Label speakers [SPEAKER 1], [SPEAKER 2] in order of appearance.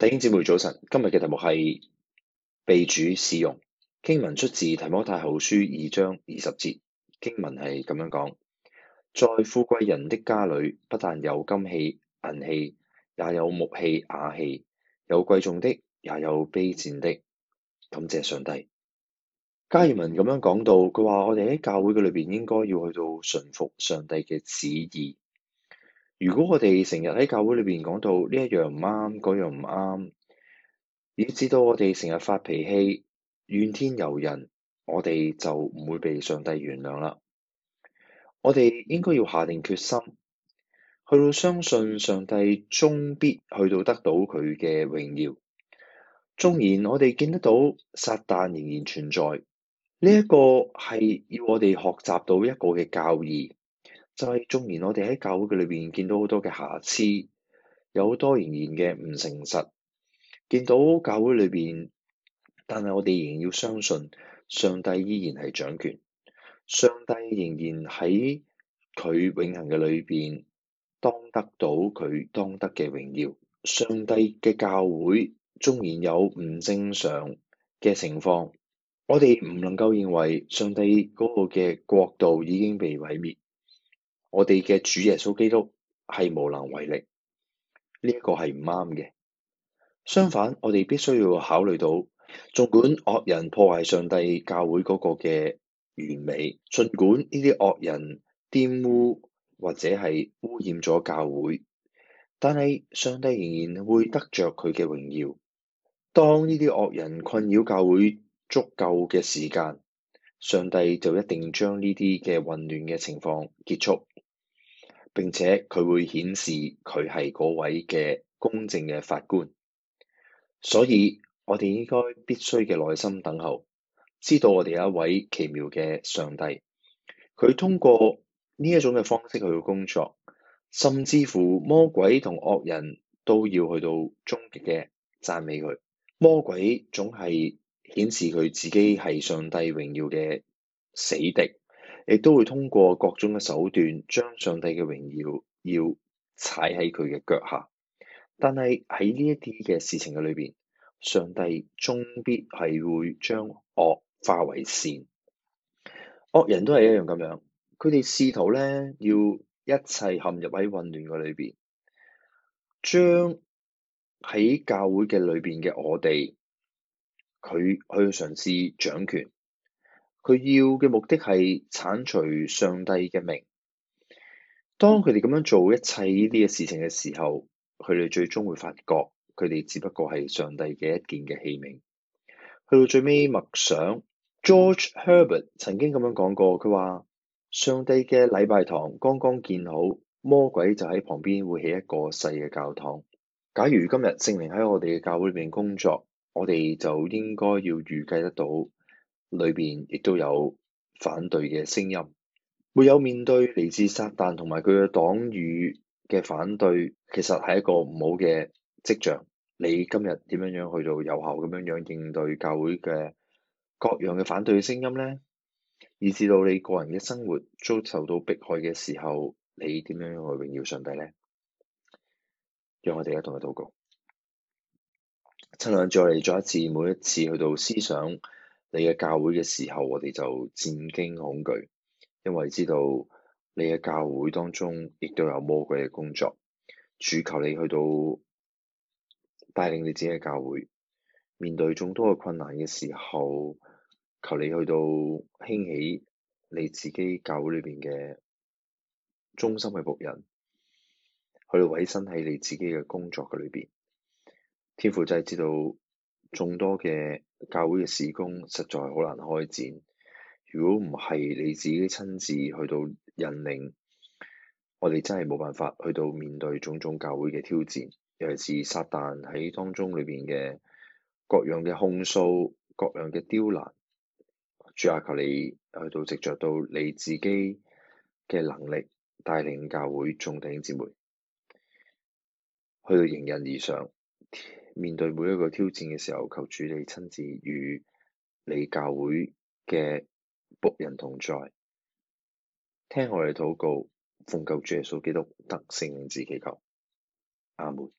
[SPEAKER 1] 弟兄姊妹早晨，今日嘅題目係被主使用。經文出自提摩太後書二章二十節，經文係咁樣講：在富貴人的家裏，不但有金器銀器，也有木器瓦器，有貴重的，也有卑賤的。感謝上帝。加爾文咁樣講到，佢話我哋喺教會嘅裏邊，應該要去到順服上帝嘅旨意。如果我哋成日喺教會裏邊講到呢一樣唔啱，嗰樣唔啱，以至到我哋成日發脾氣、怨天尤人，我哋就唔會被上帝原諒啦。我哋應該要下定決心，去到相信上帝終必去到得到佢嘅榮耀。縱然我哋見得到撒旦仍然存在，呢一個係要我哋學習到一個嘅教義。就係縱然我哋喺教會嘅裏邊見到好多嘅瑕疵，有好多仍然嘅唔誠實，見到教會裏邊，但係我哋仍然要相信上帝依然係掌權，上帝仍然喺佢永恒嘅裏邊當得到佢當得嘅榮耀。上帝嘅教會縱然有唔正常嘅情況，我哋唔能夠認為上帝嗰個嘅國度已經被毀滅。我哋嘅主耶穌基督係無能為力，呢個係唔啱嘅。相反，我哋必須要考慮到，盡管惡人破壞上帝教會嗰個嘅完美，盡管呢啲惡人玷污或者係污染咗教會，但係上帝仍然會得着佢嘅榮耀。當呢啲惡人困擾教會足夠嘅時間，上帝就一定將呢啲嘅混亂嘅情況結束，並且佢會顯示佢係嗰位嘅公正嘅法官，所以我哋應該必須嘅耐心等候，知道我哋有一位奇妙嘅上帝，佢通過呢一種嘅方式去工作，甚至乎魔鬼同惡人都要去到終極嘅讚美佢，魔鬼總係。顯示佢自己係上帝榮耀嘅死敵，亦都會通過各種嘅手段將上帝嘅榮耀要踩喺佢嘅腳下。但係喺呢一啲嘅事情嘅裏邊，上帝終必係會將惡化為善。惡人都係一樣咁樣，佢哋試圖咧要一切陷入喺混亂嘅裏邊，將喺教會嘅裏邊嘅我哋。佢去嘗試掌權，佢要嘅目的係剷除上帝嘅名。當佢哋咁樣做一切呢啲嘅事情嘅時候，佢哋最終會發覺，佢哋只不過係上帝嘅一件嘅器皿。去到最尾默想，George Herbert 曾經咁樣講過，佢話：上帝嘅禮拜堂剛剛建好，魔鬼就喺旁邊會起一個細嘅教堂。假如今日聖靈喺我哋嘅教會裏面工作。我哋就應該要預計得到裏邊亦都有反對嘅聲音，沒有面對嚟自撒旦同埋佢嘅黨羽嘅反對，其實係一個唔好嘅跡象。你今日點樣樣去到有效咁樣樣應對教會嘅各樣嘅反對嘅聲音咧？以至到你個人嘅生活遭受到迫害嘅時候，你點樣樣去榮耀上帝咧？讓我哋一同去禱告。親兩再嚟咗一次，每一次去到思想你嘅教會嘅時候，我哋就戰驚恐懼，因為知道你嘅教會當中亦都有魔鬼嘅工作。主，求你去到帶領你自己嘅教會，面對眾多嘅困難嘅時候，求你去到興起你自己教會裏邊嘅忠心嘅僕人，去到委身喺你自己嘅工作嘅裏邊。天父就係知道，眾多嘅教會嘅事工實在好難開展。如果唔係你自己親自去到引領，我哋真係冇辦法去到面對種種教會嘅挑戰，尤其是撒但喺當中裏邊嘅各樣嘅控訴、各樣嘅刁難，主啊，求你去到藉著到你自己嘅能力帶領教會眾弟兄姊妹，去到迎刃而上。面對每一個挑戰嘅時候，求主你親自與你教會嘅僕人同在，聽我哋禱告，奉救主耶穌基督得聖靈之祈求，阿門。